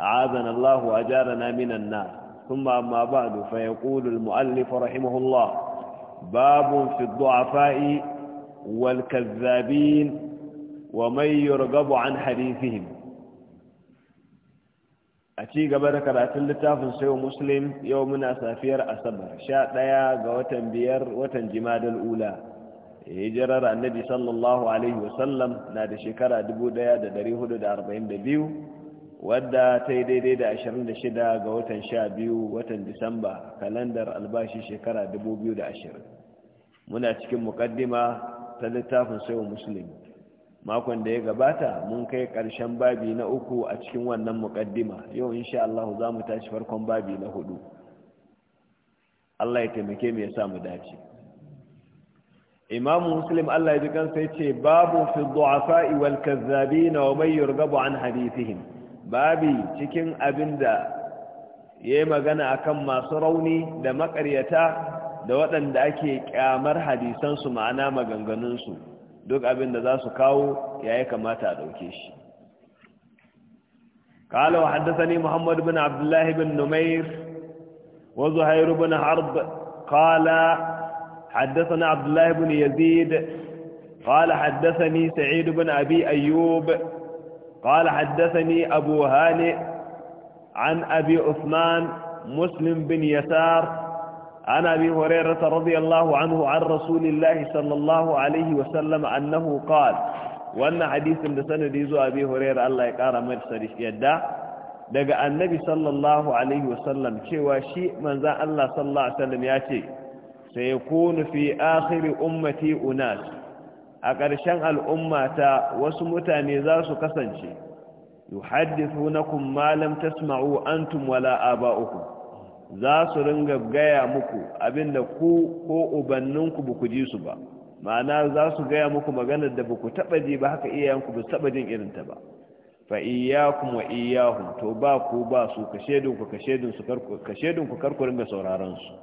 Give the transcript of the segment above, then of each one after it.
أعاذنا الله وأجارنا من النار ثم أما بعد فيقول المؤلف رحمه الله باب في الضعفاء والكذابين ومن يرغب عن حديثهم أتي قبل كرات اللتاف سيو مسلم يومنا سافير أسبر شاء ديا قوتن بير وتنجماد الأولى hijirar annabi sallallahu alaihi wasallam na da shekara 1442 wadda ta yi daidai da 26 ga watan 12 watan disamba kalandar albashi shekara 2020 muna cikin mukaddima ta littafin sayo musulmi makon da ya gabata mun kai karshen babi na uku a cikin wannan mukaddima yau insha Allah za mu tashi farkon babi na hudu Allah ya taimake mu ya mu dace imamu muslim Allah ya ji kansa ya ce babu fi du'afa wal kazzabin wa may yurghabu an hadithihim babi cikin abin da ya yi magana akan masu rauni da makaryata da waɗanda ake kyamar hadisansu ma'ana maganganunsu duk abin da za su kawo ya yi kamata a ɗauke shi قال وحدثني محمد بن عبد الله بن نمير وزهير بن حرب قال حدثنا عبد الله بن يزيد قال حدثني سعيد بن أبي أيوب قال حدثني أبو هانئ عن أبي عثمان مسلم بن يسار عن أبي هريرة رضي الله عنه عن رسول الله صلى الله عليه وسلم أنه قال وأن حديث لسند يزو أبي هريرة الله يقار مرسل يدى دقى النبي صلى الله عليه وسلم شوى شيء من ذا الله صلى الله عليه وسلم ياتي سيكون في آخر أمتي أناس a ƙarshen al'umma ta wasu mutane za su kasance yuhaddithunakum ma lam tasma'u antum wala uku za su ringa gaya muku abinda ku ko ubanninku ba ku ji su ba ma'ana za su gaya muku maganar da ba ku taɓa ji ba haka iyayenku ba taɓa jin irinta ba fa iyakum wa to ba ku ba su kashe shedinku ka shedinku karku ringa sauraron su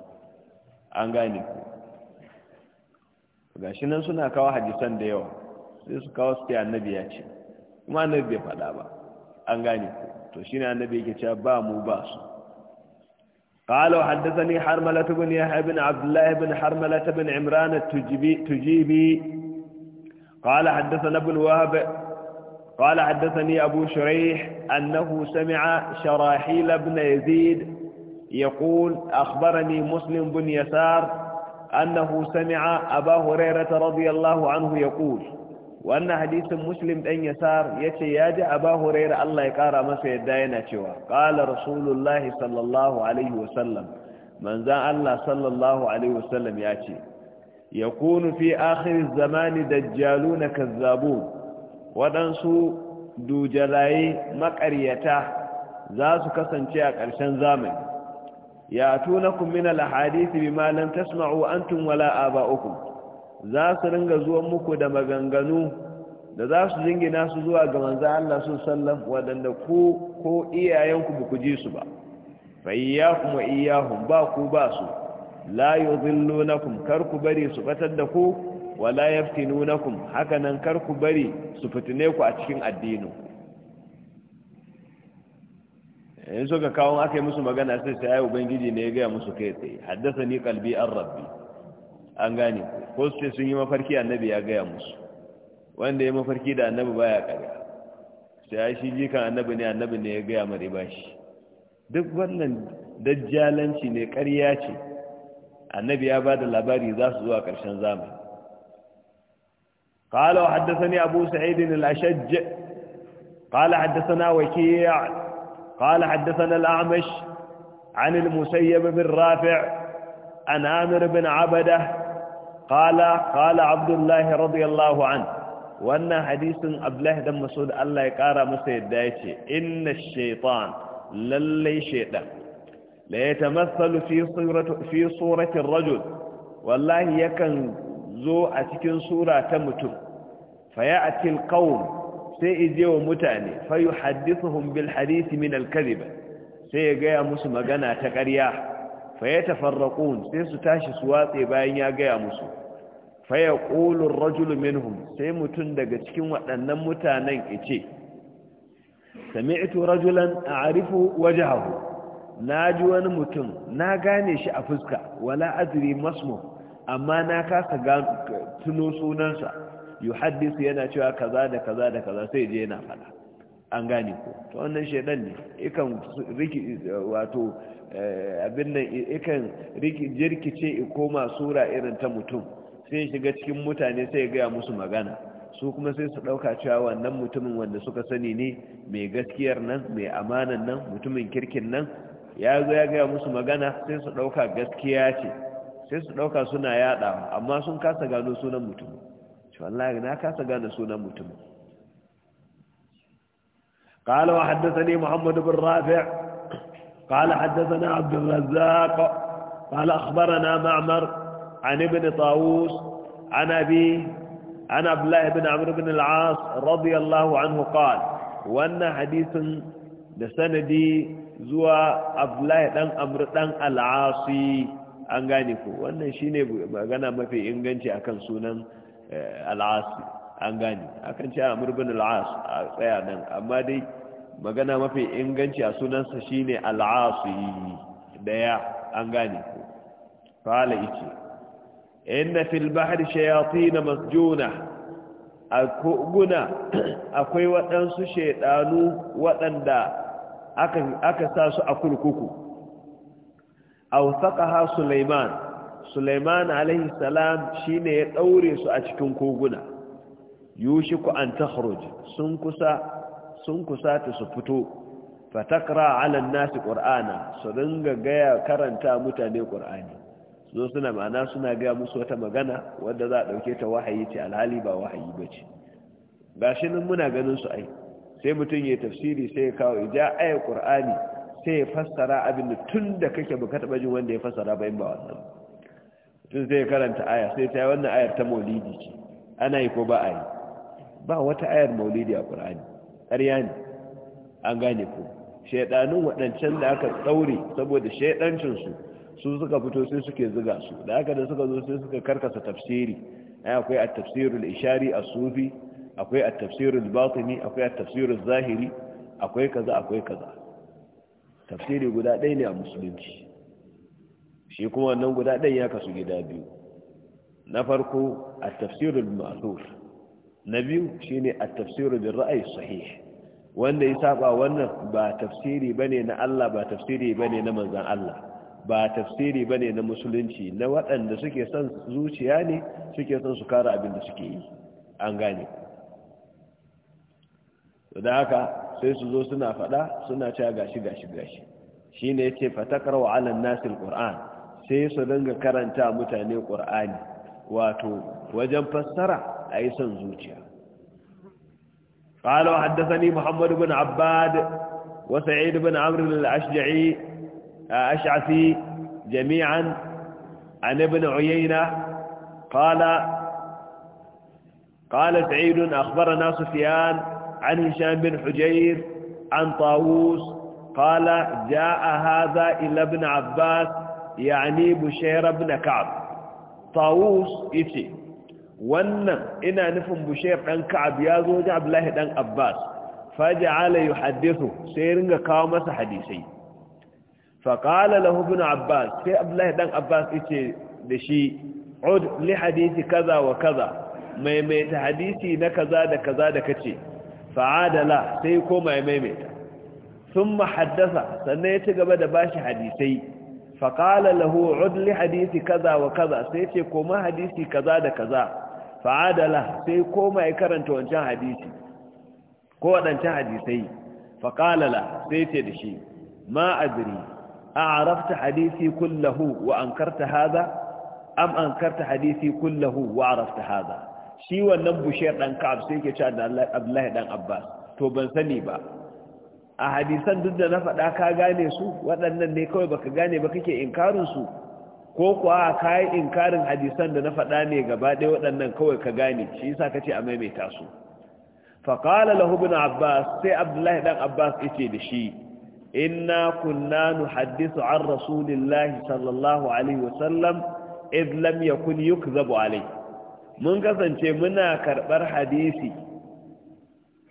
an gane ku gashi nan suna kawo hadisan da yawa sai su kawo su ya nabi ya ce kuma annabi bai faɗa ba an gane to shine annabi yake cewa ba mu ba su قال وحدثني حرملة بن يحيى بن عبد الله بن حرملة بن عمران التجيبي قال حدثنا ابن وهب قال حدثني أبو شريح أنه سمع شراحيل بن يزيد يقول أخبرني مسلم بن يسار أنه سمع أبا هريرة رضي الله عنه يقول وأن حديث مسلم أن يسار يتياج أبا هريرة الله يقار مسيد داينة قال رسول الله صلى الله عليه وسلم من ذا الله صلى الله عليه وسلم ياتي يكون في آخر الزمان دجالون كذابون waɗansu dujalaye maƙaryata za su kasance a ƙarshen zamani yatunakum min alhadith bima lam tasma'u antum wala aba'ukum za su ringa zuwan muku da maganganu da za su jingina su zuwa ga manzo Allah sallam wadanda ku ko iyayenku ba ku ji su ba fa iyyakum wa iyyahum ba ku ba su la yudhillunakum kar ku bari su batar da ku wala yaftinunakum haka nan kar ku bari su fitine ku a cikin addinin in suka kawo aka yi musu magana sai sai ayi ubangiji ne ya gaya musu kai tsaye haddasa ni kalbi an rabbi an gane ko su sun yi mafarki annabi ya gaya musu wanda ya mafarki da annabi baya karya sai ya shi jikan annabi ne annabi ne ya gaya mare ba shi duk wannan dajjalanci ne karya ce annabi ya ba da labari za su zuwa ƙarshen zamani قال وحدثني أبو سعيد الأشج قال حدثنا وكيع قال حدثنا الأعمش عن المسيب بن رافع عن عامر بن عبده قال قال عبد الله رضي الله عنه وأن حديث عبد الله بن مسعود الله يقرا مسيد إن الشيطان للي شيطان لا يتمثل في صورة, في صورة الرجل والله يكن ذو أتكن صورة تمتم فيأتي القوم sai ije wa mutane fayu haddithuhum bil hadisi min al sai ya gaya musu magana ta ƙarya fa yatafarraqun sai su tashi su watse bayan ya gaya musu fa yaqulu ar-rajulu minhum sai mutum daga cikin waɗannan mutanen yace sami'tu rajulan a'rifu hahu na ji wani mutum na gane shi a fuska wala azuri masmu amma na kasa tuno sunansa yuhaddisu yana cewa kaza da kaza da kaza sai je yana fada an gane ko to wannan shedan ne ikan riki wato eh, abin nan ikan riki jirkice koma sura irin ta mutum sai shiga cikin mutane sai ya gaya musu magana su kuma sai su ɗauka cewa wannan mutumin wanda suka sani ne mai gaskiyar nan mai amanan nan mutumin kirkin nan ya zo ya gaya musu magana sai su ɗauka gaskiya ce sai su ɗauka suna yaɗawa amma sun kasa gano sunan mutumin wallahi na kasa gane sunan mutumin قال وحدثني محمد بن رافع قال حدثنا عبد الرزاق قال أخبرنا معمر عن ابن طاووس عن أبي عن عبد الله بن عمرو بن العاص رضي الله عنه قال وأن حديث لسندي زوى عبد الله بن عمرو بن العاصي an gane ku wannan shine magana mafi inganci akan sunan Eh, al'as an gani akan ce a murbin al'as a tsaya nan amma dai magana mafi inganci a sunansa shine yi daya an gani fahala ice inna fil bahri shayatin masjuna a koguna akwai waɗansu shaidanu waɗanda aka sa su a kurkuku a wasaƙa ha suleiman suleiman alayhi salam shine ya daure su a cikin koguna yushiku an takhruj sun kusa ta su fito fatakra ala nasi qur'ana su dinga gaya karanta mutane ƙur'ani. zo suna ma'ana suna gaya musu wata magana wadda za a dauke ta wahayi ce alhali ba wahayi bace gashi nan muna ganin su ai sai mutum ya tafsiri sai ya kawo ija ayar qur'ani sai ya fassara abin da tun da kake bukata bajin wanda ya fassara bayan ba wannan tun sai karanta aya sai ta yi wannan ayar ta maulidi ce ana yi ko ba a yi ba wata ayar maulidi a ƙur'ani ƙarya ne an gane ko shaidanun waɗancan da aka tsaure saboda shaidancinsu su suka fito sai suke ziga su da aka da suka zo sai suka karkasa tafsiri akwai a tafsirul ishari a sufi akwai a tafsirul batini akwai a tafsirul zahiri akwai kaza akwai kaza tafsiri guda ɗaya ne a musulunci shi kuma wannan guda ɗan ya kasu gida biyu na farko a tafsirin ma'azur na biyu shi ne a tafsirin da ra'ayi sahih wanda ya saba wannan ba tafsiri ba ne na Allah ba tafsiri ba ne na manzan Allah ba tafsiri ba ne na musulunci na waɗanda suke son zuciya ne suke son su kara abin da suke yi an gane da haka sai su zo suna faɗa suna cewa gashi gashi gashi shi ne ya ce fatakarwa alan nasir ƙur'an sai su dinga karanta mutane ƙur'ani wato wajen fassara a yi son zuciya قال وحدثني محمد بن عباد وسعيد بن عمرو الأشجعي أشعثي جميعا عن ابن عيينة قال قال سعيد أخبرنا سفيان عن هشام بن حجير عن طاووس قال جاء هذا إلى ابن عباس yani bushair ibn ka'ab tawus yace wannan ina nufin bushair dan ka'ab ya zo ji abdullahi dan abbas faja'ala yuhaddithu sai ringa kawo masa hadisai faqala lahu ibn abbas sai abdullahi dan abbas yace da shi ud li hadisi kaza wa kaza maimaita hadisi na kaza da kaza da kace fa'adala sai koma maimaita sun mahaddasa sannan ya ci gaba da bashi hadisai faƙala lahu udli hadisi kaza wa kaza sai ce koma hadisi kaza da kaza fa'adala sai koma ya karanta wancan hadisi ko waɗancan hadisai faƙalala sai ce da shi ma adiri a arafta hadisi kullahu wa an karta haza am an karta hadisi kullahu wa arafta haza shi wannan bushe ɗan ka'ab sai ke ce da abdullahi ɗan abbas to ban sani ba a hadisan duk da na faɗa ka gane su waɗannan ne kawai baka gane ba kake inkarin su ko kuwa kayan inkarin hadisan da na faɗa ne gaba ɗaya waɗannan kawai ka gane shi yasa kace a maimaita su faƙala lahu bin abbas sai abdullahi ɗan abbas yace da shi inna kunna nuhaddisu an rasulillahi sallallahu alaihi wasallam idh lam yakun yukzabu alai mun kasance muna karɓar hadisi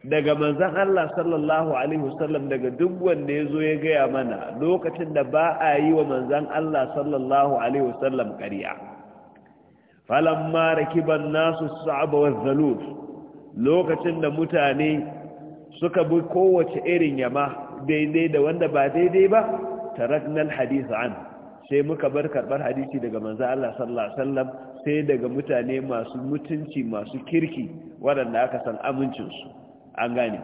daga manzan Allah sallallahu Alaihi wasallam daga duk wanda ya zo ya gaya mana lokacin da ba a yi wa manzan Allah sallallahu Alaihi wasallam ƙari'a. falamma rakiban nasu sa'aba zalur lokacin da mutane suka bi kowace irin yama daidai da wanda ba daidai ba taraknal hadisi an sai muka bar karɓar hadisi daga manzan Allah sallallahu Alaihi wasallam sai daga mutane masu mutunci masu kirki waɗanda aka san amincin su. an gane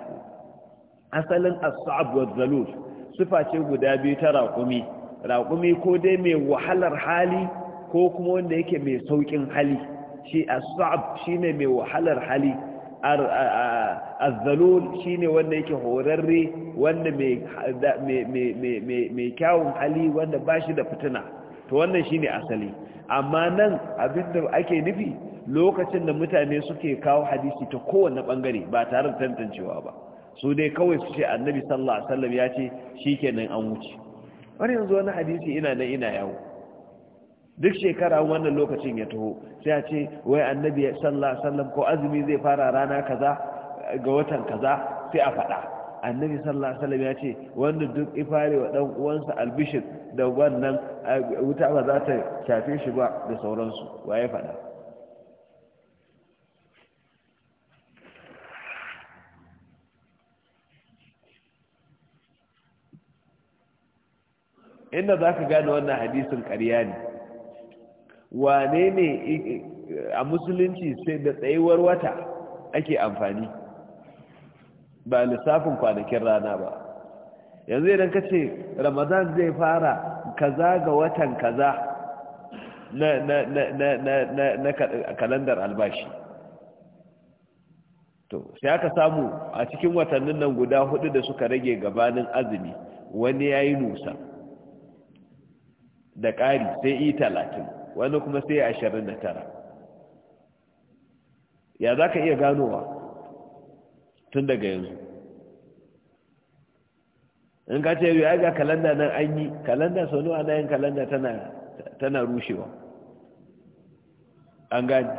asalin as-sa'ab wa zalul sifa ce guda biyu ta raƙumi raƙumi ko dai mai wahalar hali ko kuma wanda yake mai saukin hali shi as-sa'ab shine mai wahalar hali azzalul shine wanda yake horarre wanda mai kyawun hali wanda ba shi da fitina to wannan shine asali amma nan abinda ake nufi lokacin da mutane suke kawo hadisi ta kowane bangare ba tare da tantancewa ba su dai kawai su ce annabi sallallahu alaihi wasallam ya ce shikenan an wuce har yanzu wani hadisi ina nan ina yawo duk shekara wannan lokacin ya taho sai a ce wai annabi sallallahu alaihi wasallam ko azumi zai fara rana kaza ga watan kaza sai a faɗa annabi sallallahu alaihi wasallam ya ce wanda duk ifare wa dan uwansa albishir da wannan wuta ba za ta shafe shi ba da sauransu waye faɗa inda za ka gane wannan hadisin ƙarya ne wane ne a musulunci sai da tsayuwar wata ake amfani ba lissafin kwanakin rana ba yanzu idan ka ce ramadan zai fara kaza ga watan kaza na kalandar albashi to sai aka samu a cikin watannin nan guda hudu da suka rage gabanin azumi wani ya yi nusa da ƙari sai yi talatin wani kuma sai ashirin da tara ya za ka iya ganowa tun daga yanzu in ka ce ya ga kalanda nan an yi kalanda sau nuwa na yin kalanda tana rushewa an gani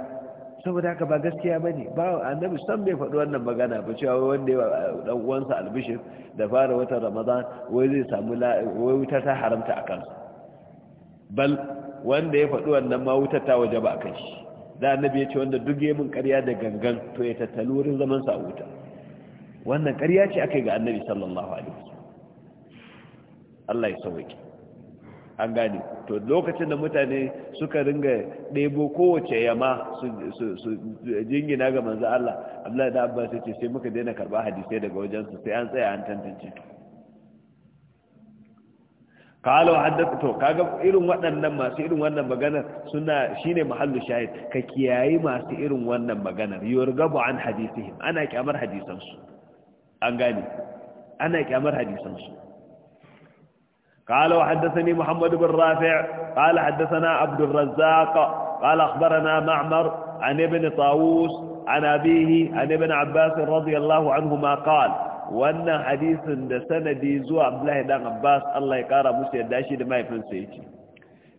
saboda haka ba gaskiya ba ne ba annabi san bai faɗi wannan magana ba cewa wanda ya ɗan uwansa albishir da fara watan ramadan wai zai samu wai wuta ta haramta a kansu bal wanda ya faɗi wannan ma wuta ta waje ba kan shi da annabi ya ce wanda duk ya min ƙarya da gangan to ya tattali wurin zaman sa a wuta wannan ƙarya ce aka ga annabi sallallahu alaihi wasallam Allah ya sauke an gane to lokacin da mutane suka ringa ɗebo kowace yama su jingina ga manzo Allah Abdullahi da Abbas ya ce sai muka daina karɓa hadisai daga wajensu sai an tsaya an tantance قال وحدث kaga irin waɗannan masu irin wannan maganar suna shine mahallu shahid ka kiyayi masu irin wannan maganar yurgabu an hadisihim ana kyamar hadisan su an gane ana kyamar hadisan su قال وحدثني محمد بن رافع قال حدثنا عبد الرزاق قال أخبرنا معمر عن ابن طاووس عن أبيه عن ابن عباس رضي الله عنهما قال wannan hadisin da sanadi zuwa abdullahi dan abbas allah ya kara musu yadda shi da mahaifinsa yake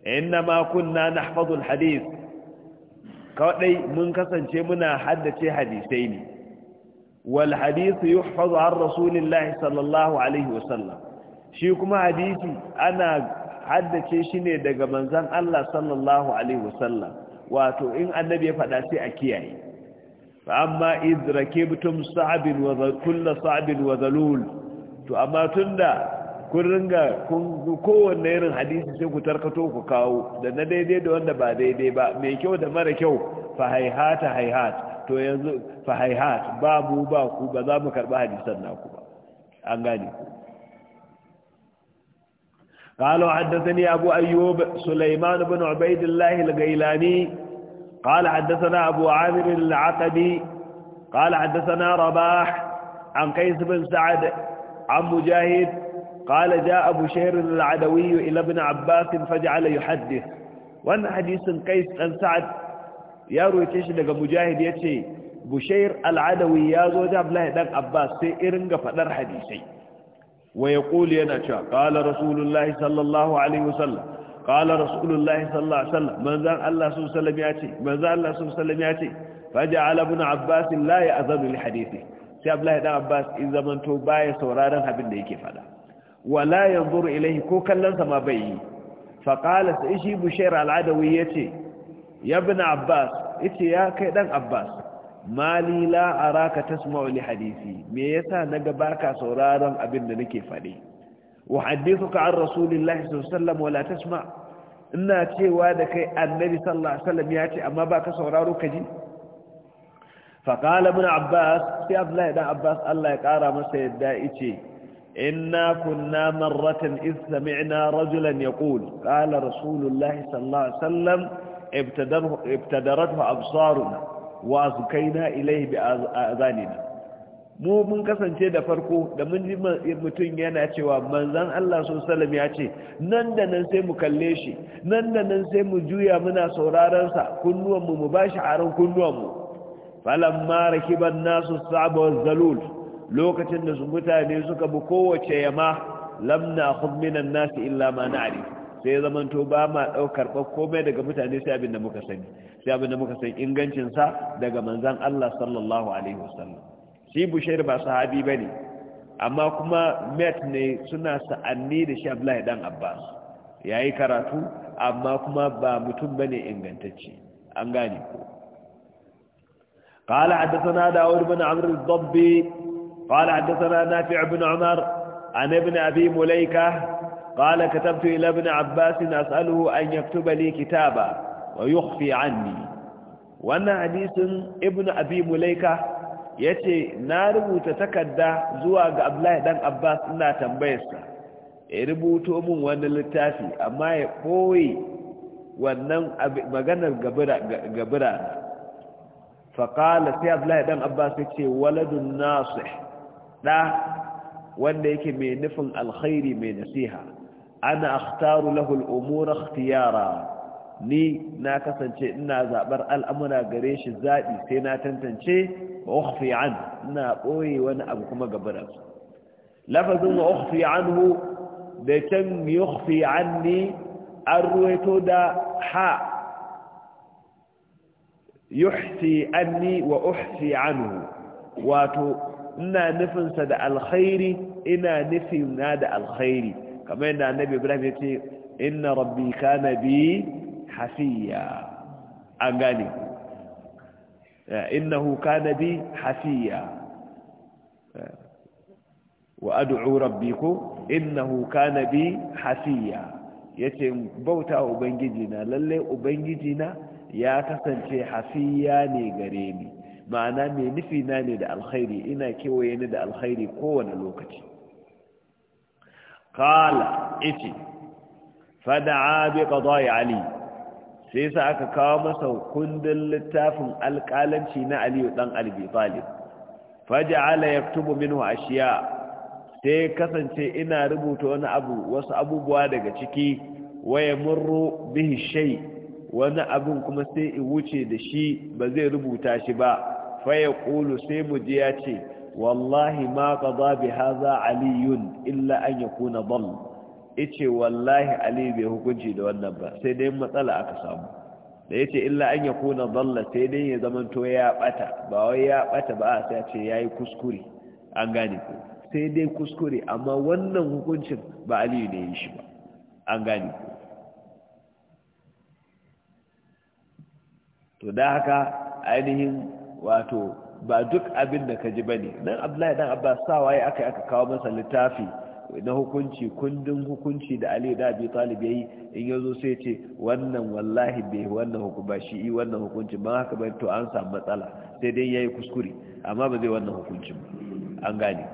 inna ma kunna nahfazu alhadith kawai mun kasance muna haddace hadisai ne wal hadith yuhfazu an rasulillahi sallallahu alaihi wasallam shi kuma hadisi ana haddace shi ne daga manzon Allah sallallahu alaihi wasallam wato in annabi ya faɗa sai a kiyaye amma id rakibtum sa'bin wa kullu sa'bin wa zalul to amma kun ringa kun kowanne irin hadisi sai ku tarkato ku kawo da na daidai da wanda ba daidai ba mai kyau da mara kyau fa haihata haihat to yanzu fa haihat ba mu ba ku ba za mu karba hadisan naku ba an gane ku قالوا حدثني أبو أيوب سليمان بن عبيد الله الغيلاني قال حدثنا أبو عامر العقدي قال حدثنا رباح عن قيس بن سعد عن مجاهد قال جاء أبو شهر العدوي إلى ابن عباس فجعل يحدث وأن حديث قيس بن سعد يروي تشدق مجاهد يتشي بشير العدوي يازو جاب له دان عباس سيرنغ فدر حديثي ويقول ينا قال رسول الله صلى الله عليه وسلم qala rasulullahi sallallahu alaihi wasallam manzan Allah sallallahu alaihi ce manzan Allah sallallahu alaihi wasallam ya ce faja'ala ibn abbas la ya'zanu li hadithi sai abdullahi dan abbas in zamanto baya sauraron abin da yake fada wala yanzuru ilayhi ko kallon sa ma bai yi fa qala sai shi bushair al-adawi yace ya ibn abbas yace ya kai dan abbas Malila la araka tasma'u li me yasa naga baka sauraron abin da nake fade uhaddithuka an rasulillahi sallallahu alaihi wala tasma' ina cewa da kai annabi sallallahu alaihi wasallam ya ce amma ba ka sauraro kaji? ji faƙala muna abbas sai abdullahi dan abbas allah ya ƙara masa yadda ice inna kunna marratan iz sami'na rajulan yaqul qala rasulullahi sallallahu alaihi wasallam ibtadarathu absaruna wa azkayna ilayhi bi azanina mu mun kasance da farko da mun ji mutum yana cewa manzan Allah sun salam ya ce nan da nan sai mu kalle shi nan da nan sai mu juya muna saurarensa kunnuwanmu mu ba shi harin kunnuwanmu mara kiban nasu sabon zalul lokacin da su mutane suka bi kowace yama lamna minan nasu illa ma ari. sai ya to ba ma daukar ba daga mutane sai abin da muka sani sai abin da muka sani ingancinsa daga manzan Allah sallallahu alaihi wasallam shi bushair ba sahabi ba ne amma kuma met ne suna sa'anni da shi abdullahi dan abbas yayi karatu amma kuma ba mutum bane ingantacce an gane ko قال حدثنا داود بن عمرو الضبي قال حدثنا نافع بن عمر عن ابن أبي مليكة قال كتبت إلى ابن عباس أسأله أن يكتب لي كتابا ويخفي عني وأن حديث ابن أبي مليكة ya ce na rubuta takarda zuwa ga abdullahi dan abbas ina tambayarsa ya rubuto min wani littafi amma ya koyi wannan maganar gabira na faƙala sai abdullahi dan abbas ya ce waladun nasu ɗa wanda yake mai nufin alkhairi mai nasiha ana akhtaru lahul umura ikhtiyara ni na kasance ina zabar al'amura gare shi zaɓi sai na tantance wa ukhfi an ina ɓoye wani abu kuma gabaran lafazin wa ukhfi anhu da can yukhfi anni an ruwaito da ha yuhsi anni wa uhsi anhu wato ina nufinsa da alkhairi ina nufina da alkhairi kamar yadda annabi ibrahim ya ce inna rabbi kana bi hafiya an gane eh, huka na bi hafiya eh, wa ad'u rabbi ko innahu kana bi hafiya yace bauta ubangiji na lalle ubangiji na ya kasance hafiya ne gare ni ma'ana mai nufi na ne da alkhairi ina kewaye ni da alkhairi kowane lokaci kala iti fada'a bi qada'i ali sai yasa aka kawo masa kundin littafin alƙalanci na aliyu ɗan albi talib faja'ala yaktubu minhu ashiya sai kasance ina rubuta wani abu wasu abubuwa daga ciki waya murru bihi shay wani abin kuma sai in wuce da shi ba zai rubuta shi ba faya ƙulu sai mu ji ya ce wallahi ma qada bi hadha aliyun illa an yakuna dhall ice wallahi ali bai hukunci da wannan ba sai dai matsala aka samu da ya ce illa an ya kuna zalla sai dai ya zamanto ya bata ba wai ya bata ba sai ya ce ya yi kuskure an gane ku sai dai kuskure amma wannan hukuncin ba aliyu ne ya shi ba an gane ku to da haka ainihin wato ba duk abin da ka ji ba ne nan abdullahi dan abba sawaye ya aka aka kawo masa littafi na hukunci kundin hukunci da Ali da Abi Talib yayi in yazo sai ce wannan wallahi bai wannan hukuma shi yi wannan hukunci ba haka ba to an samu matsala sai dai yayi kuskure amma ba zai wannan hukunci an gane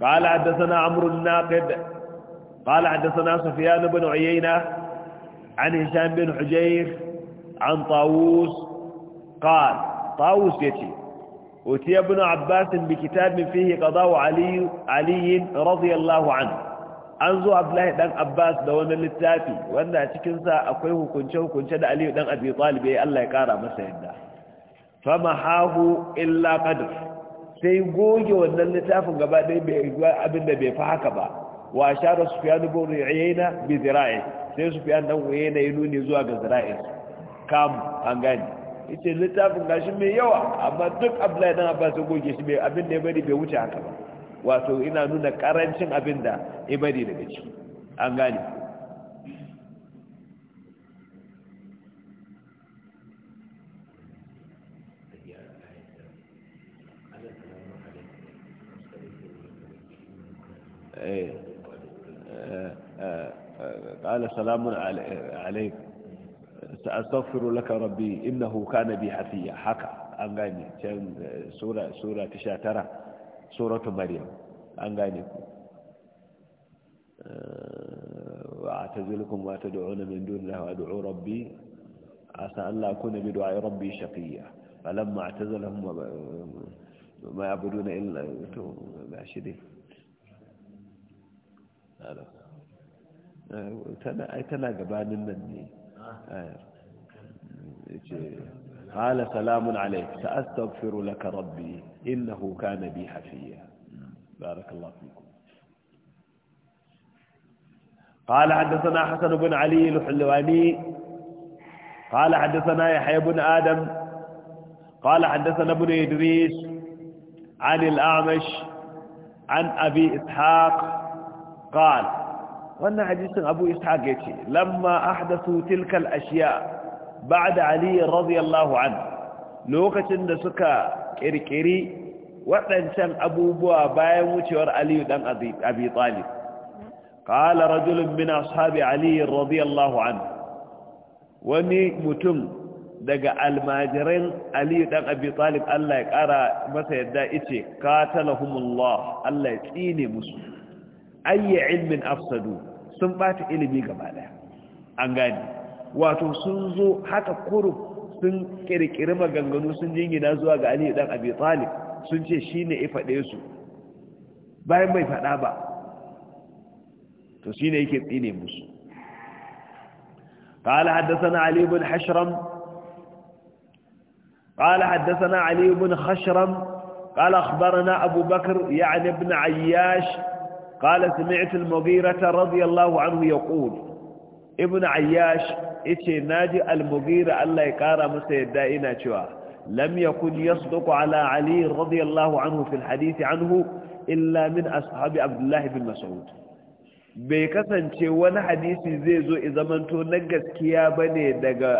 قال حدثنا عمرو الناقد قال حدثنا سفيان بن عيينة عن هشام بن حجير عن طاووس قال طاووس يتي أتي ابن عباس بكتاب فيه قضاء علي, علي رضي الله عنه أنزو عبد الله دان عباس دون للتافي وأن أتكنسى أقويه كنشه كنشه علي دان أبي طالب الله يقارى مسيدا فمحاه إلا قدر سيقوج وأن اللتاف قبل أبن نبي فحكبا وأشار سفيان بن عيينة بذرائه sai su fi annan waye na yi nuni zuwa ga zira'in kam an gani yace littafin gashi mai yawa amma duk Abdullahi dan Abbas ya goge shi bai abin da ya bari bai wuce haka ba wato ina nuna karancin abin da ya bari daga ciki an gane قال سلام عليكم sa'astaghfiru laka rabbi innahu kana bi hafiya haka an gane can sura sura ta 19 suratu maryam an gane ku وأعتزلكم ما تدعون من دون الله وأدعو ربي عسى أن لا أكون بدعاء ربي شقيا فلما اعتزلهم ما يعبدون إلا بعشرين tana gabanin nan ne آية. قال سلام عليك سأستغفر لك ربي إنه كان بي حفيا بارك الله فيكم قال حدثنا حسن بن علي الحلواني قال حدثنا يحيى بن آدم قال حدثنا ابن إدريس عن الأعمش عن أبي إسحاق قال wannan hadisin abu ishaq ya ce lamma ahdathu tilkal ashiya ba'da ali radiyallahu an lokacin da suka kirkiri waɗancan abubuwa bayan wucewar ali dan abi talib qala rajulun min ashabi ali radiyallahu an wani mutum daga almajiran ali dan abi talib Allah ya kara masa yadda yace qatalahumullah Allah ya tsine musu ayyi ilmin afsadu sun bata ilimi gaba daya an gane wato sun zo haka kuru sun kirkiri maganganu sun jingina zuwa ga Ali dan Abi Talib sun ce shine ya fade su bayan bai fada ba to shine yake tsine musu قال حدثنا علي بن حشرم قال حدثنا علي بن خشرم قال أخبرنا أبو بكر يعني ابن عياش قال سمعت المغيرة رضي الله عنه يقول ابن عياش اتي ناجي المغيرة الله يقارى مسيدائنا شوى لم يكن يصدق على علي رضي الله عنه في الحديث عنه إلا من أصحاب عبد الله بن مسعود bai kasance wani hadisi zai zo izamanto na gaskiya bane daga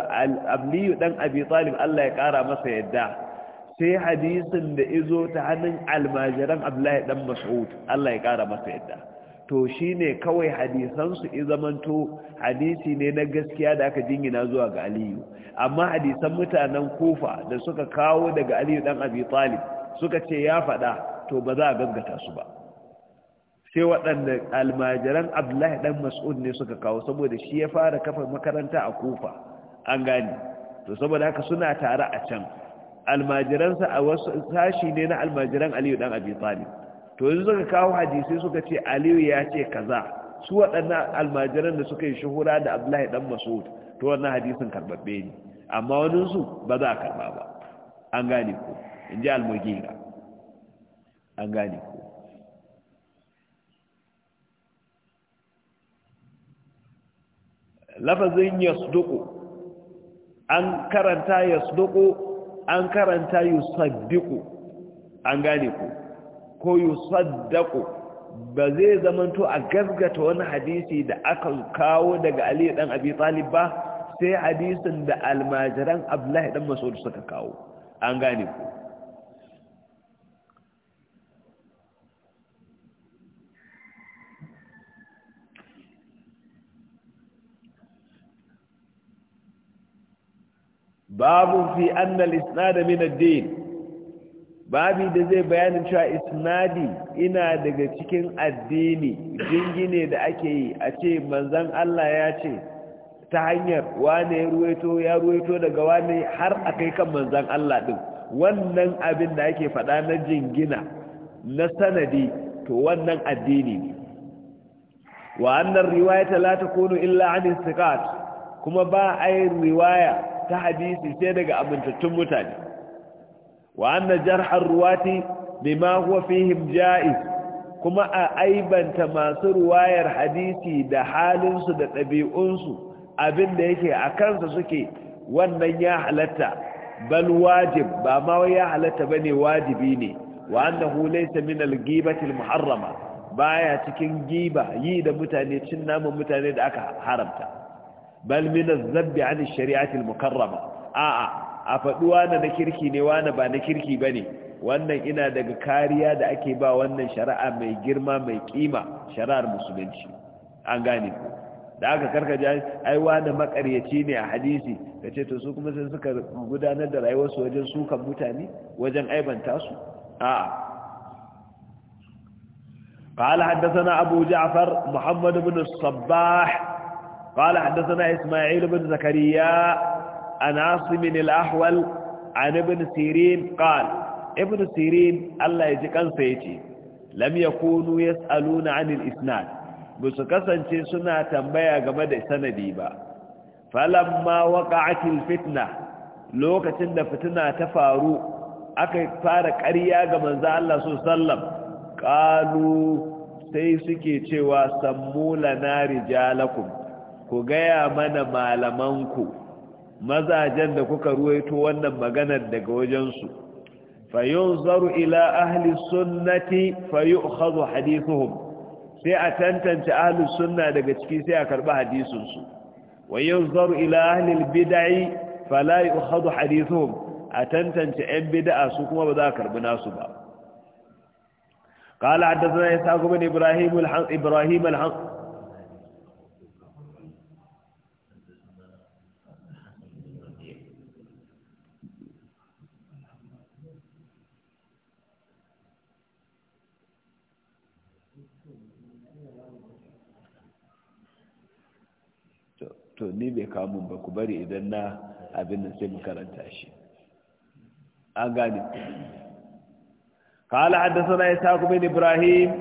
abliyu dan abi talib Allah ya kara masa yadda sai hadisin da izo ta hannun almajiran abdullahi dan mas'ud Allah ya kara masa yadda to shine kawai hadisan su izamanto hadisi ne na gaskiya da aka jingina zuwa ga Aliyu amma hadisan mutanen Kufa da suka kawo daga Aliyu dan Abi Talib suka ce ya fada to ba za a gaggata su ba sai waɗanda almajiran abdullahi dan mas'ud ne suka kawo saboda shi ya fara kafa makaranta a Kufa an gane to saboda haka suna tare a can almajiransa a wasu sashi ne na almajiran aliyu dan abi talib to yanzu suka kawo hadisi suka ce aliyu ya ce kaza su waɗannan almajiran da suka yi shuhura da abdullahi dan masud to wannan hadisin karbabbe ne amma wani su ba za a karba ba an gane ko in ji almugira an gane ko lafazin yasduku an karanta yasduku an karanta yusaddiqu an gane ku ko yusaddaqu ba zai zamanto a gaskata wani hadisi da aka kawo daga Aliyu dan Abi Talib ba sai hadisin da almajiran Abdullah dan Mas'ud suka kawo an gane ku babu fi annal isnada min ad-din babi da zai bayanin cewa isnadi ina daga cikin addini jingine da ake yi a ce manzan Allah ya ce ta hanyar wane ya ruwaito ya ruwaito daga wane har a kai kan manzon Allah din wannan abin da ake faɗa na jingina na sanadi to wannan addini ne wa annar riwaya ta la takunu illa an istiqat kuma ba yi riwaya ta hadisi sai daga amintattun mutane wa anna jarhar ruwati bima huwa fihim ja'iz kuma a aibanta masu ruwayar hadisi da halinsu da ɗabi'unsu abinda yake a kansa suke wannan ya halatta bal wajib ba ma ya halatta bane wajibi ne wa annahu laysa min al-ghibati al-muharrama baya cikin giba yi da mutane cin naman mutane da aka haramta bal min az-zabbi 'an ash-shari'ati al-mukarrama a'a a faɗuwa na na kirki ne wani ba na kirki bane wannan ina daga kariya da ake ba wannan shari'a mai girma mai kima shari'ar musulunci an gane ku da aka karkaje ai wani makaryaci ne a hadisi da ce to su kuma sai suka gudanar da rayuwarsu wajen sukan mutane wajen aibanta su a'a قال حدثنا أبو جعفر محمد بن الصباح قال حدثنا إسماعيل بن زكريا عن عاصم الأحول عن ابن سيرين قال ابن سيرين الله يجيكن سيتي لم يكونوا يسألون عن الإسناد بسكسن سنة تنبيا قمد سندي با فلما وقعت الفتنة lokacin da fitina ta faru aka fara ƙarya ga manzo Allah su sallam ƙalu sai suke cewa sammula na rijalakum ku gaya mana malamanku mazajen da kuka ruwaito wannan maganar daga wajensu zaru ila ahli sunnati fayu'khadhu hadisuhun sai a tantance ahli sunna daga ciki sai a karba hadisunsu su zaru ila ahli bidai fala yu'khadhu hadisuhun a tantance ɗan bid'a su kuma ba za a karbi nasu ba قال حدثنا إسحاق بن إبراهيم الحنظ إبراهيم الحنظ to ni bai kamun ba ku bari idan na abin da sai makaranta kala haddasa ya sa kuma ibrahim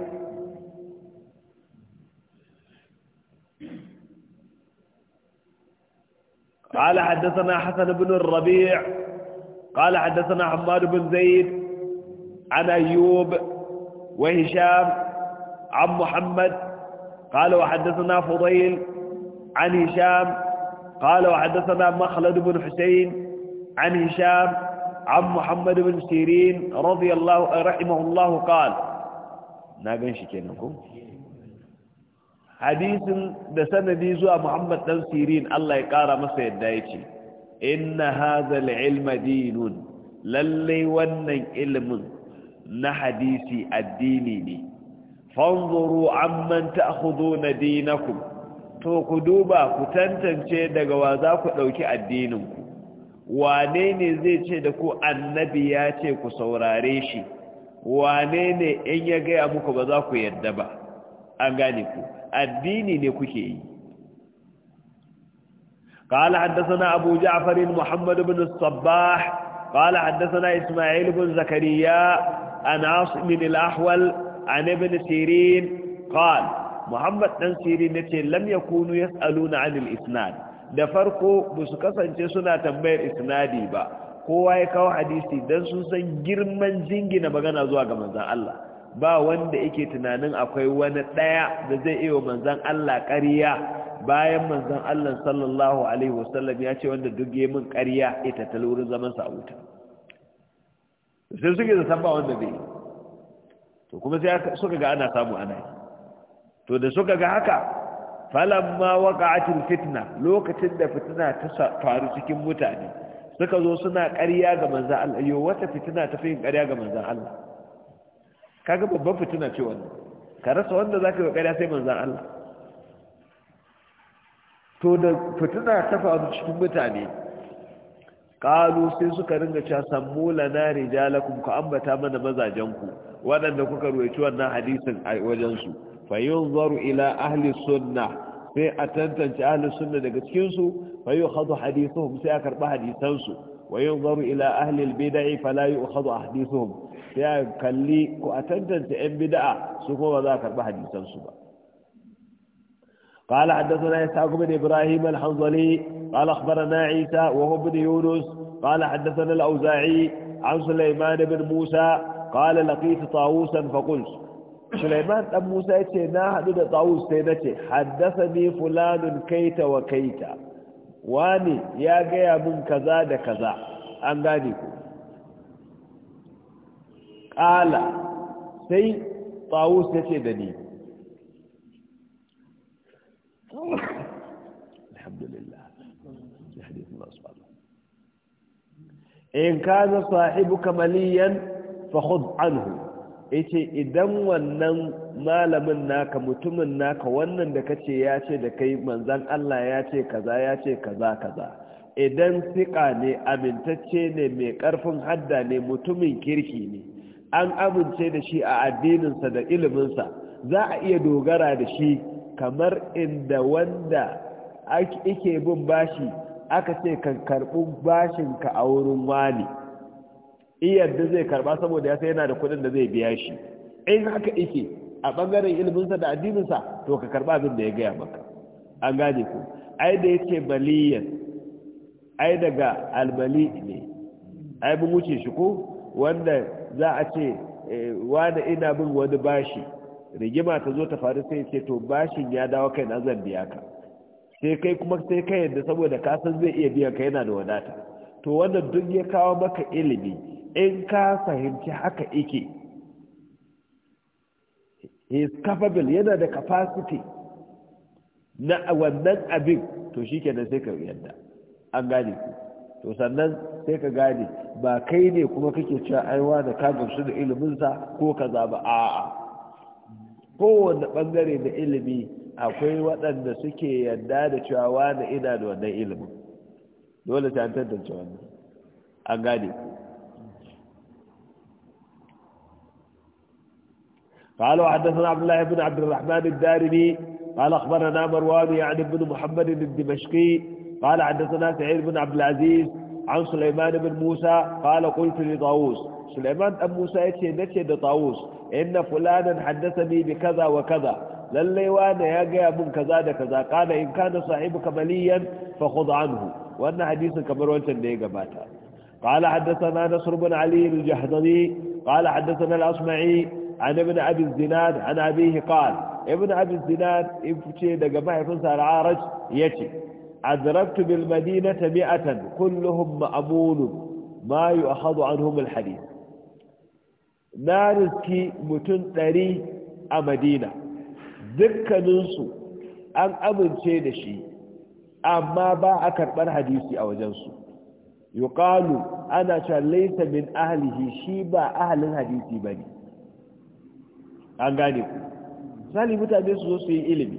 قال حدثنا حسن بن الربيع قال حدثنا عن محمد قال وحدثنا فضيل عن هشام قال وحدثنا مخلد بن حسين عن هشام عن محمد بن سيرين رضي الله رحمه الله قال ناقن شكينكم حديث ده سندي محمد بن سيرين الله يقارى ما yadda إن هذا العلم دين للي ونن علم نحديثي الديني دي fanzuru amman ta'khuduna dinakum to ku duba ku tantance daga wa za ku dauki addininku wane ne zai ce da ku annabi ya ce ku saurare shi wane ne in ya gaya muku ba za ku yadda ba an gane ku addini ne kuke yi قال حدثنا ابو جعفر محمد بن الصباح قال حدثنا اسماعيل بن زكريا عن عاصم الاحول عن ابن سيرين قال محمد بن سيرين يتي لم يكونوا يسألون عن الإسناد da farko basu kasance suna tambayar isnadi ba kowa ya kawo hadisi dan sun san girman jingina magana zuwa ga manzan Allah ba wanda yake tunanin akwai wani ɗaya da zai iya manzan Allah ƙarya bayan manzan Allah sallallahu Alaihi wasallam ya ce wanda duk yi min ƙarya ita ta zaman zamansa a wuta sai suke da san ba wanda zai yi to kuma sai suka ga ana samu ana yi to da suka ga haka falamma waqa'atil fitna lokacin da fitina ta faru cikin mutane suka zo suna ƙarya ga manzo Allah yo wata fitina ta fi ƙarya ga manzo Allah kaga babban fitina ce wannan ka rasa wanda zaka yi ƙarya sai manzo Allah to da fitina ta faru cikin mutane kalu sai suka ringa cewa sammulana rijalakum ku ambata mana mazajenku waɗanda kuka ruwaici wannan hadisin a wajensu fayin zaru ila ahli sunna sai a tantance ahli sunna daga cikinsu fayin hadu hadisuhum sai a karɓi hadisansu wayin zaru ila ahli bida'i fala yi hadu hadisuhum sai a kalli ko a tantance 'yan bida'a su kuma ba za a karɓi hadisansu ba قال حدثنا إسحاق بن إبراهيم الحنظلي قال أخبرنا عيسى وهو بن يونس قال حدثنا الأوزاعي عن سليمان بن موسى qala laqitu tawusan fa qult Sulaiman ɗan Musa yace na haɗu da Tawus sai nace haddathani fulanun kaita wa kaita wani ya gaya mun kaza da kaza an gane ku qala sai Tawus yace da ni alhamdulillah hadith Allah subhanahu maliyan fahud anhu yace idan wannan malamin naka mutumin naka wannan da kace ya ce da kai manzan Allah ya ce kaza ya ce kaza kaza idan sika ne amintacce ne mai karfin hadda ne mutumin kirki ne an amince da shi a addininsa da iliminsa za a iya dogara da shi kamar inda wanda ake bin bashi aka ce kan karɓi bashinka a wurin wani iyadda zai karba saboda ya sai yana da kudin da zai biya shi in haka ike a bangaren ilminsa da addininsa to ka karba abin da ya gaya maka an gane ku ai da yake baliyan ai daga albali ne ai mun wuce shi ko wanda za a ce eh, wani ina bin wani bashi rigima ta zo ta faru sai ce to bashin ya dawo kai na zan biya ka sai kai kuma sai kai yadda saboda ka san zai iya biyan ka yana da wadata to wannan duk ya kawo maka ilimi in ka fahimci haka ike he is capable yana da capacity na wannan abin to shi kenan sai ka yadda an gane ku to sannan sai ka gane ba kai ne kuma kake cewa aiwa da ka gamsu da iliminsa ko ka zaba a'a kowane bangare da ilimi akwai waɗanda suke yadda da cewa da ina da wannan ilimin dole ta an tantance wannan an gane قال وحدثنا عبد الله بن عبد الرحمن الدارمي قال أخبرنا مروان يعني بن محمد الدمشقي قال حدثنا سعيد بن عبد العزيز عن سليمان بن موسى قال قلت لطاووس سليمان بن موسى يتي نتي لطاووس إن فلانا حدثني بكذا وكذا للي وانا يا جاب كذا كذا قال إن كان صاحبك مليا فخذ عنه wannan hadisin kamar wancan da ya gabata قال حدثنا نصر بن علي الجهضمي قال حدثنا الأصمعي عن ابن أبي الزناد عن أبيه قال ابن أبي الزناد ابتشي دقمه فنسى العارج يتي أدركت بالمدينة مئة كلهم مأمون ما يؤخذ عنهم الحديث نارسكي متنطري أمدينة ذكا ننسو أن أمن شيء شيء amma ba a karɓar hadisi a wajensu yuqalu ana cewa laysa min ahlihi shi ba ahlin hadisi bane an gane ku misali mutane su zo su yi ilimi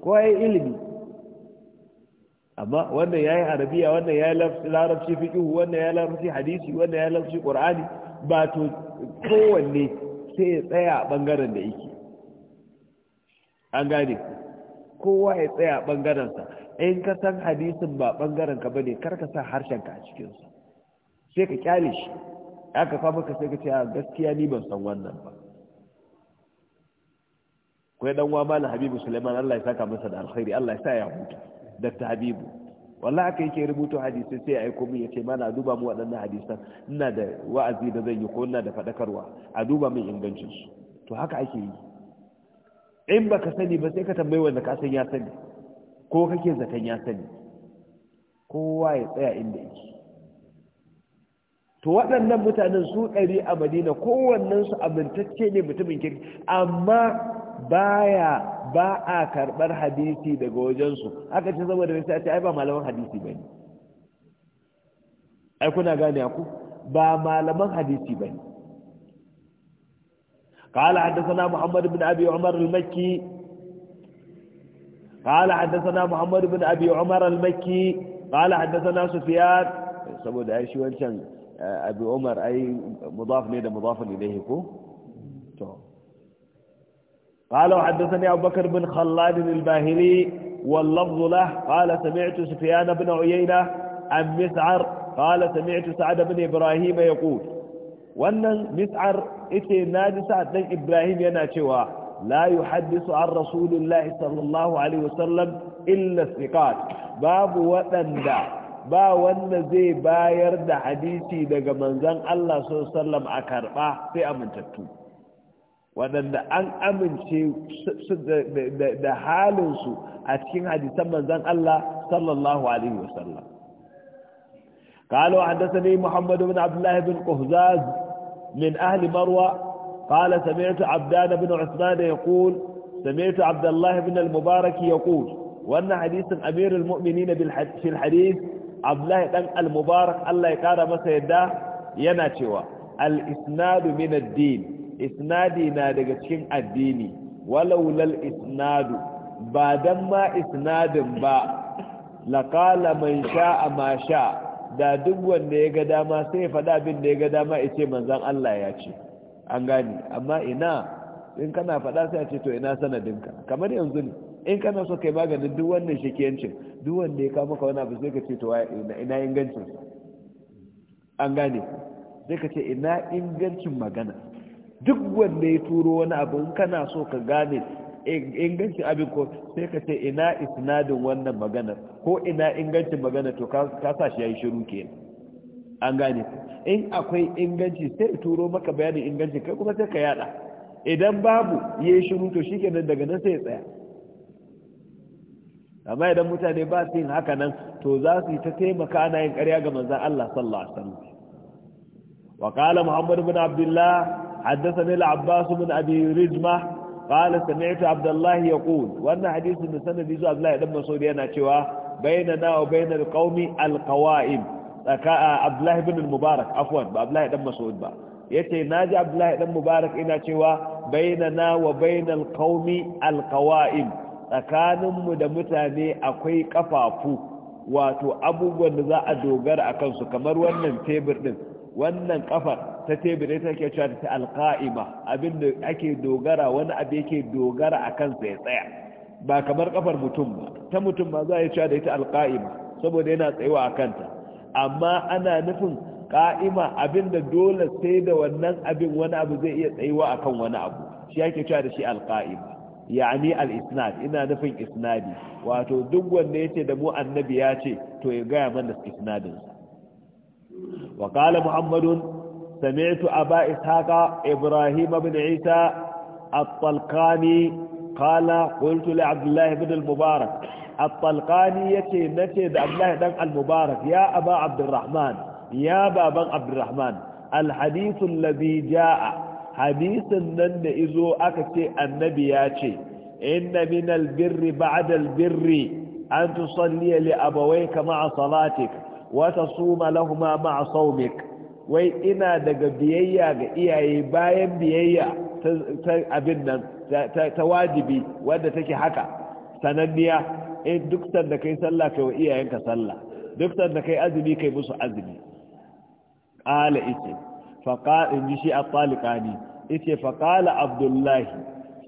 ko yi ilimi amma wannan yayi arabiya wannan yayi larabci fiqh wannan yayi larabci hadisi wannan yayi larabci qur'ani ba to kowanne sai ya tsaya a bangaren da yake an gane kowa ya tsaya a sa. in ka san hadisin ba bangaren ka bane kar ka sa harshen ka a cikin su sai ka kyale shi aka fa maka sai ka ce a gaskiya ni ban san wannan ba kai dan wa malam Habibu Sulaiman Allah ya saka masa da alkhairi Allah ya sa ya huta Dr. Habibu wallahi aka yake rubuto hadisi sai ya aiko min yace mana duba mu waɗannan hadisan ina da wa'azi da zan yi ko ina da faɗakarwa a duba min ingancin to haka ake yi in baka sani ba sai ka tambayi wanda ka san ya sani ko kake zaton ya sani kowa ya tsaya inda yake to waɗannan mutanen su ɗari a madina kowannensu amintacce ne mutumin kirki amma baya ba a karɓar hadisi daga wajensu aka ce saboda mai ce ai ba malaman hadisi ba ne ai kuna gane ku ba malaman hadisi ba ne قال حدثنا محمد بن أبي عمر المكي قال حدثنا محمد بن أبي عمر المكي قال حدثنا سفيان سبود أي شيء وانشان أبي عمر أي مضاف ليه مضاف إليه كو قال وحدثني أبو بكر بن خلاد الباهلي واللفظ له قال سمعت سفيان بن عيينة عن مسعر قال سمعت سعد بن إبراهيم يقول wannan mis'ar ita na ji sa'ad ɗan ibrahim yana cewa la yuhaddisu an rasulillahi sallallahu alaihi wasallam illa thiqat babu wadanda ba wanda zai bayar da hadisi daga manzan Allah sallam a karɓa sai amintattu wadanda an amince da halinsu a cikin hadisan manzan Allah sallallahu alaihi wasallam قالوا حدثني محمد بن عبد الله بن قهزاز من أهل مروى قال سمعت عبدان بن عثمان يقول سمعت عبد الله بن المبارك يقول وأن حديث أمير المؤمنين في الحديث عبد الله بن المبارك الله يقال ما سيدا يناتوا الإسناد من الدين إسنادي نادقتشين الديني ولولا الإسناد بعدما إسناد با لقال من شاء ما شاء da duk wanda ya ga dama sai faɗa abin da ya ga dama ya ce manzan Allah ya ce an gane amma ina in kana faɗa sai a ce to ina sanadinka kamar yanzu ne in kana so kai maganin duk wannan shakiyancin duk wanda ya kawo maka wani abu sai ka ce to ina ingancin an gane sai ka ce ina ingancin magana duk wanda ya turo wani abu in kana so ka gane ingancin abin ko sai ka ce ina isnadin wannan magana ko ina ingancin magana to ka sa shi ya yi shiru ke an gane ku in akwai inganci sai turo maka bayanin inganci kai kuma sai ka yada idan babu ya yi shiru to shi kenan daga nan sai tsaya amma idan mutane ba su yin haka nan to za su yi ta taimaka ana yin ƙarya ga manzan Allah sallallahu alaihi wasallam wa qala muhammad ibn abdullah haddathani al-abbas ibn abi rizma qala sami'tu abdullah yaqul يقول وان حديث sanadi سنه ابي عبد الله yana cewa bainana wa bainal qaumi al-qawa'im abdullahi bin mubarak afwan ba abdullahi dan mas'ud ba yace naji abdullahi dan mubarak ina cewa bainana wa bainal qaumi alqawaim tsakanin mu da mutane akwai kafafu wato abubuwan da za a dogara akan su kamar wannan tebur din wannan kafar ta tebur ne take cewa ta alqaima abinda ake dogara wani abu yake dogara akan sa ya tsaya ba kamar kafar mutum ba ta mutum ba za a yi cewa da ita alqaima saboda yana tsayawa ta amma ana nufin ka'ima abin da dole sai da wannan abin wani abu zai iya tsayuwa akan wani abu shi yake cewa da shi alqa'ima ya al-isnad ina nufin isnadi wato duk wanda yace da mu annabi ya ce to ya gaya mana isnadinsa wa qala muhammadun sami'tu aba ishaqa ibrahim ibn isa at-talqani qala qultu li abdullah ibn al-mubarak at yace nace da Abdullah dan al-Mubarak ya aba Abdurrahman ya baban Abdurrahman al-hadith alladhi jaa hadithin nan da izo aka ce annabi ya ce inna min al-birri ba'da al-birri an tusalli li abawayka ma'a salatik wa tasuma lahumā ma'a sawmik wai ina daga biyayya ga iyaye bayan biyayya ta abin nan ta wajibi wadda take haka sananniya eh duk sanda kai sallah kai wa iyayenka sallah duk sanda kai azumi kai musu azumi qala ite faqa inji shi at-taliqani ite faqala abdullahi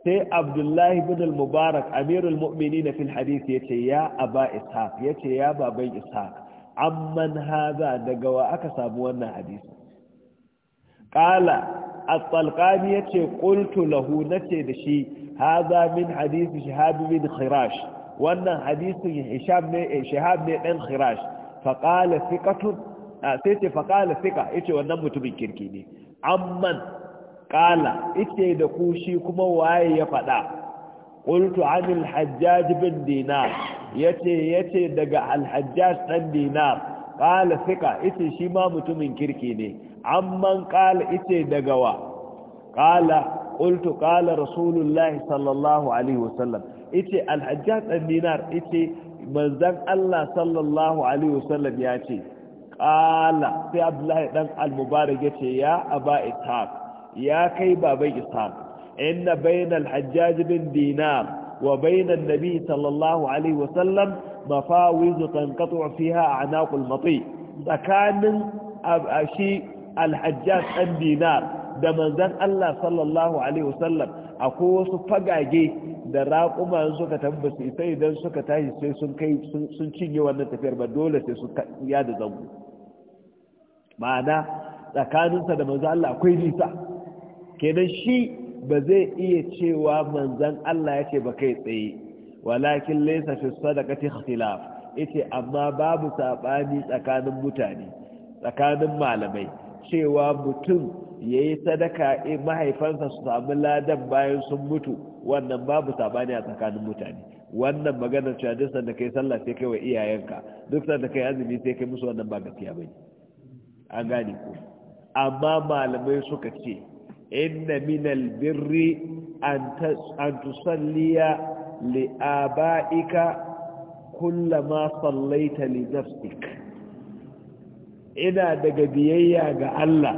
sai abdullahi bin al-mubarak amirul mu'minin fil hadith yace ya aba ishaq yace ya baban ishaq amman hadha daga wa aka samu wannan hadisi qala at-talqani yace qultu lahu nace da shi hadha min hadith shihab bin khirash wannan hadisin hisham ne eh, shahab ne dan khirash faqala thiqatun ah, sai ce faqala thiqa yace wannan mutumin kirki ne amman qala yace da ku shi kuma waye ya fada qultu anil hajjaj bin dinar yace yace daga al hajjaj dan dinar qala thiqa yace shi ma mutumin kirki ne amman qala yace daga wa qala qultu qala rasulullahi sallallahu alaihi wasallam ita alhajjaj ɗan dinar ita manzan Allah sallallahu alaihi wasallam ya ce ƙala sai abdullahi ɗan al-mubarak ya ce ya aba ishaq ya kai baban ishaq inna bainal hajjaj bin dinar wa bainan nabi sallallahu alaihi wasallam mafawizu tanqatu a anaqul mati tsakanin shi alhajjaj ɗan dinar da manzan Allah sallallahu alaihi wasallam akwai wasu fagage da raƙuma suka tambasi sai idan suka tashi sai sun kai sun cinye wannan tafiyar ba dole sai su ya da zango ma'ana tsakaninsa da manzan Allah akwai nisa kenan shi ba zai iya cewa manzan Allah ya ce ba kai tsaye walakin laisa fi sadaqati ikhtilaf yace amma babu sabani tsakanin mutane tsakanin malamai cewa mutum yayi sadaka in eh, mahaifansa su samu ladan bayan sun mutu wannan babu sabani a tsakanin mutane wannan maganar cewa duk sanda kai sallah sai kai wa iyayenka duk sanda kai azumi sai kai musu wannan ba gaskiya bane an gane ko amma malamai suka ce inna minal birri an tusalliya li abaika kullama sallaita li nafsik ina daga biyayya ga Allah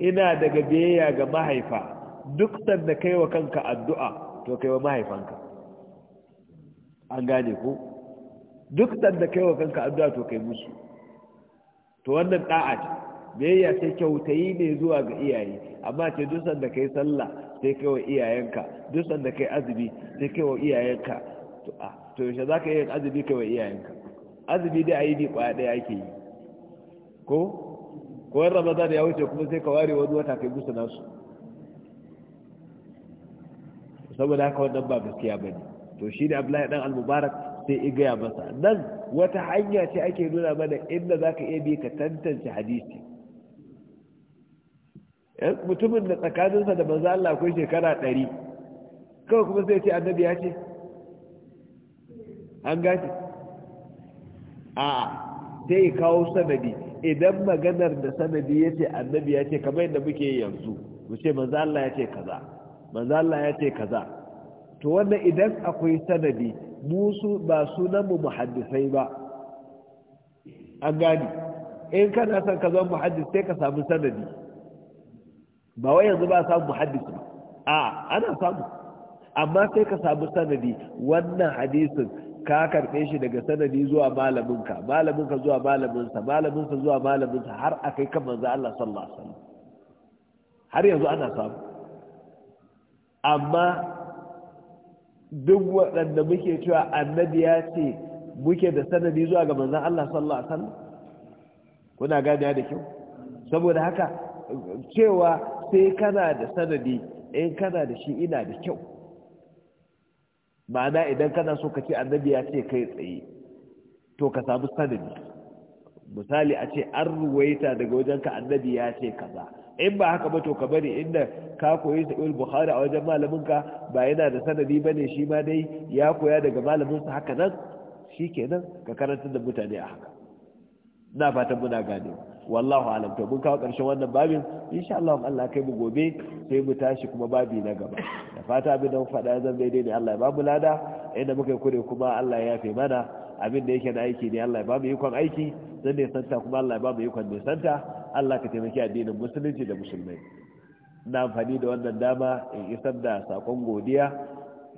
ina daga biyayya ga mahaifa duk sanda kai wa kanka addu'a to kai wa mahaifanka an gane ko duk sanda kai wa kanka addu'a to kai musu to wannan da'a ce biyayya sai kyautayi ne zuwa ga iyaye amma ce duk sanda kai sallah sai kai wa iyayenka duk sanda kai azumi sai kai wa iyayenka to a to yaushe zaka yi azumi kai wa iyayenka azumi dai ayi ni kwaya ɗaya ake yi ko ko Ramadan ya wuce kuma sai ka ware wani wata kai musu nasu saboda haka wannan ba gaskiya ba ne to shi ne abdullahi dan al-mubarak sai i gaya masa nan wata hanya ce ake nuna mana inda za ka iya bi ka tantance hadisi mutumin da tsakaninsa da manzo Allah akwai shekara ɗari kawai kuma sai ce annabi ya ce an gashi a sai kawo sanadi idan maganar da sanadi ya ce annabi ya ce kamar yadda muke yanzu mu ce manzo Allah ya ce kaza manzo Allah ya ce kaza to wannan idan akwai sanadi mu su ba sunan mu muhaddisai ba an gani in kana son kaza muhaddis sai ka samu sanadi ba wai yanzu ba samu muhaddis ba a ana samu amma sai ka samu sanadi wannan hadisin ka karɓe shi daga sanadi zuwa malaminka malaminka zuwa malaminsa malaminsa zuwa malaminsa har akai kan manzo Allah sallallahu alaihi wasallam har yanzu ana samu amma duk waɗanda muke cewa annabi ya ce muke da sanadi zuwa ga manzan Allah sallallahu alaihi wasallam kuna gane da kyau saboda haka cewa sai kana da sanadi in kana da shi ina da kyau ma'ana idan kana so ka ce annabi ya ce kai tsaye to ka samu sanadi misali a ce an ruwaita daga wajenka annabi ya ce kaza in ba haka ba to ka bari inda ka koyi sahihul bukhari a wajen ka ba yana da sanadi ne shi ma dai ya koya daga malaminsa haka nan shi kenan ka karanta da mutane a haka na fatan muna gane wallahu alam to mun kawo karshen wannan babin insha Allah Allah kai mu gobe sai mu tashi kuma babi na gaba da fata abin da mu faɗa zan daidai ne Allah ya ba mu lada inda muka kure kuma Allah ya yafe mana abin da yake na aiki ne Allah ya ba mu ikon aiki zan ne santa kuma Allah ya ba mu ikon ne santa Allah ka taimaki addinin musulunci da musulmai na amfani da wannan dama in isar da sakon godiya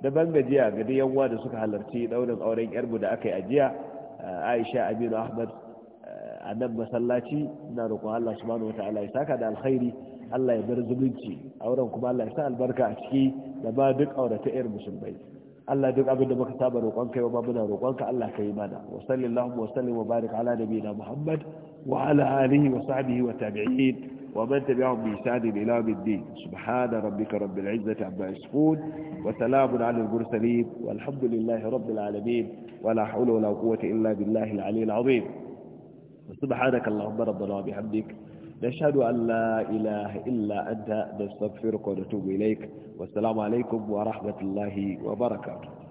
da gajiya ga duk yanwa da suka halarci daurin auren mu da aka yi ajiya eh, Aisha Aminu Ahmad eh, a nan masallaci ina roƙon Allah subhanahu wataala ya saka da alkhairi Allah ya bar zumunci auren kuma Allah ya sa albarka a ciki da ba duk aurata yar musulmai Allah duk abin da muka saba roƙon kai ba muna roƙon ka Allah ka yi mana wa sallallahu wa sallam wa barik ala nabiyina Muhammad وعلى آله وصحبه والتابعين ومن تبعهم بإسان إلى الدين سبحان ربك رب العزة عما يصفون وسلام على المرسلين والحمد لله رب العالمين ولا حول ولا قوة إلا بالله العلي العظيم سبحانك اللهم ربنا وبحمدك نشهد أن لا إله إلا أنت نستغفرك ونتوب إليك والسلام عليكم ورحمة الله وبركاته